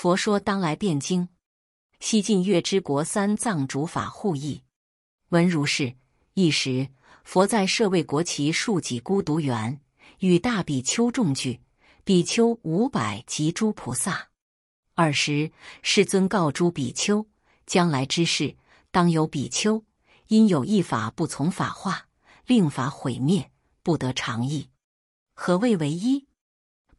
佛說當來變經，西晉月氏國三藏竺法護譯，聞如是。一時，佛在舍衛國祇樹給孤獨園，與大比丘眾俱，比丘五百及諸菩薩。爾時，世尊告諸比丘：將來之世，當有比丘，因有一法不從法化，令法毀滅，不得長益。何謂為一？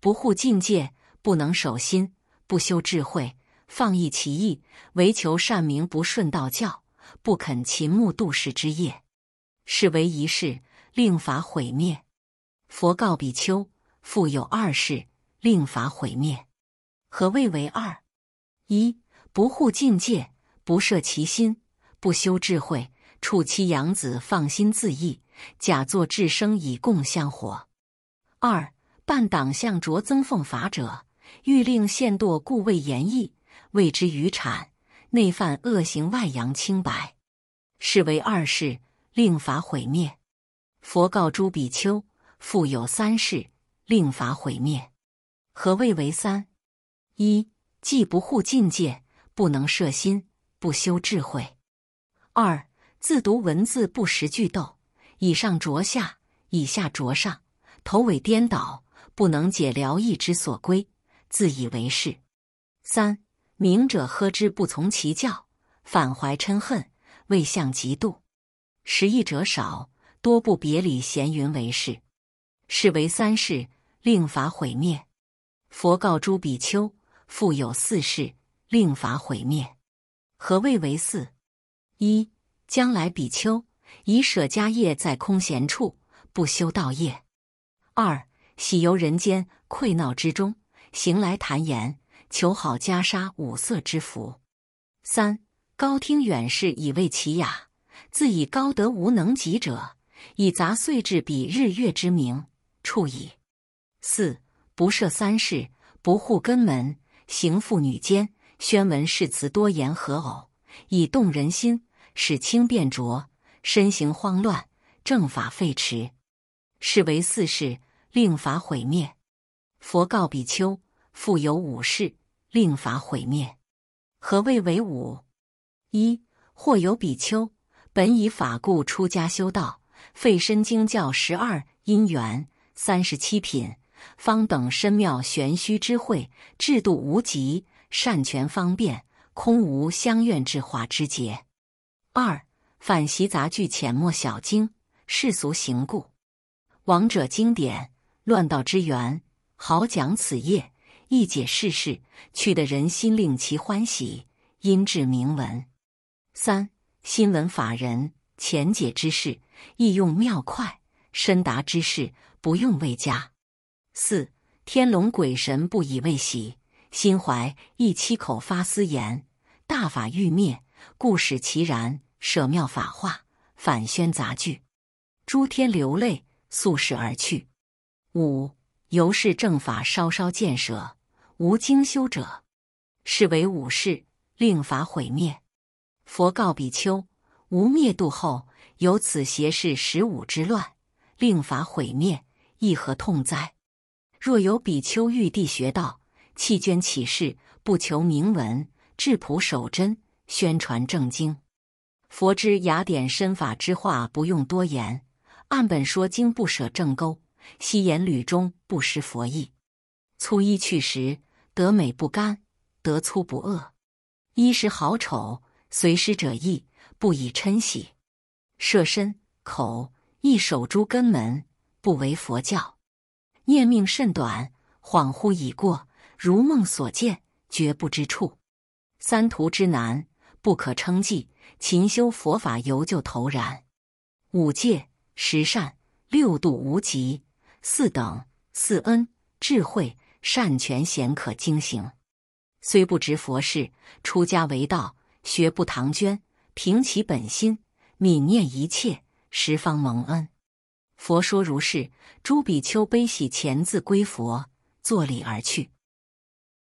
不護禁戒，不能守心。不修智慧，放逸其意，唯求善名，不順道教，不肯勤慕度世之業，是為一事，令法毀滅。佛告比丘：復有二事，令法毀滅。何謂為二？一、不護禁戒，不攝其心，不修智慧，畜妻養子，放心恣意，賈作治生以共相活；二、伴黨相著憎奉法者。欲令陷墮，故為言義，謂之諛諂。內犯惡行，外佯清白，是為二事，令法毀滅。佛告諸比丘：復有三事，令法毀滅。何謂為三？一、既不護禁戒，不能攝心，不修智慧；二、自讀文字不識句逗，以上着下，以下着上，頭尾顛倒，不能解了義之所歸。自以為是，三明者呵之不從其教，反懷嗔恨，謂相嫉妬；識義者少多不別理鹹雲為是，是為三事令法毀滅。佛告諸比丘：復有四事令法毀滅。何謂為四？一將來比丘已舍家業在空閒處，不修道業；二喜遊人間憒閙之中。行來談言，求好袈裟五色之服。三高聽遠視，以為綺雅，自以高德無能及者，以雜碎智比日月之明，畜已。四不攝三事，不護根門，行婦女間，宣文飾辭多言合偶，以動人心，使清變濁，身行荒亂，正法廢遲，是為四事，令法毀滅。佛告比丘：復有五事，令法毀滅。何謂為五？一或有比丘，本以法故出家修道，廢深經教十二因緣、三十七品，方等深妙玄虛之慧，智度無極，善權方便，空無相願至化之節。二反習雜句淺末小經，世俗行故，王者經典，亂道之原。好講此業，易解世事，趣得人心令其歡喜，因致名聞。三新聞法人淺解之士，意用妙快；深達之士，不用為佳。四天龍鬼神不以為喜，心懷悒慼口發斯言。大法欲滅，故使其然，舍妙法化，反宣雜句。諸天流淚，速逝而去。五。由是正法稍稍見舍，無精修者，是為五事，令法毀滅。佛告比丘：吾滅度後，有此邪事十五之亂，令法毀滅，一何痛哉？若有比丘欲諦學道，棄捐綺飾，不求名聞，質樸守真，宣傳正經。佛之雅典深法之化，不用多言，桉本說經，不舍正句。希言屢中不失佛意，粗衣趣食得美不甘，得粗不惡。衣食好醜，隨施者意，不以嗔喜。攝身口意守諸根門，不違佛教。念命甚短，恍惚已過，如夢所見，覺不知處。三途之難不可稱計，勤修佛法猶救頭然。五戒十善六度無極。四等四恩，智慧善權咸可精行，雖不值佛世，出家為道，學不唐捐，平其本心，愍念一切十方蒙恩。佛說如是，諸比丘悲喜前自歸佛，作禮而去。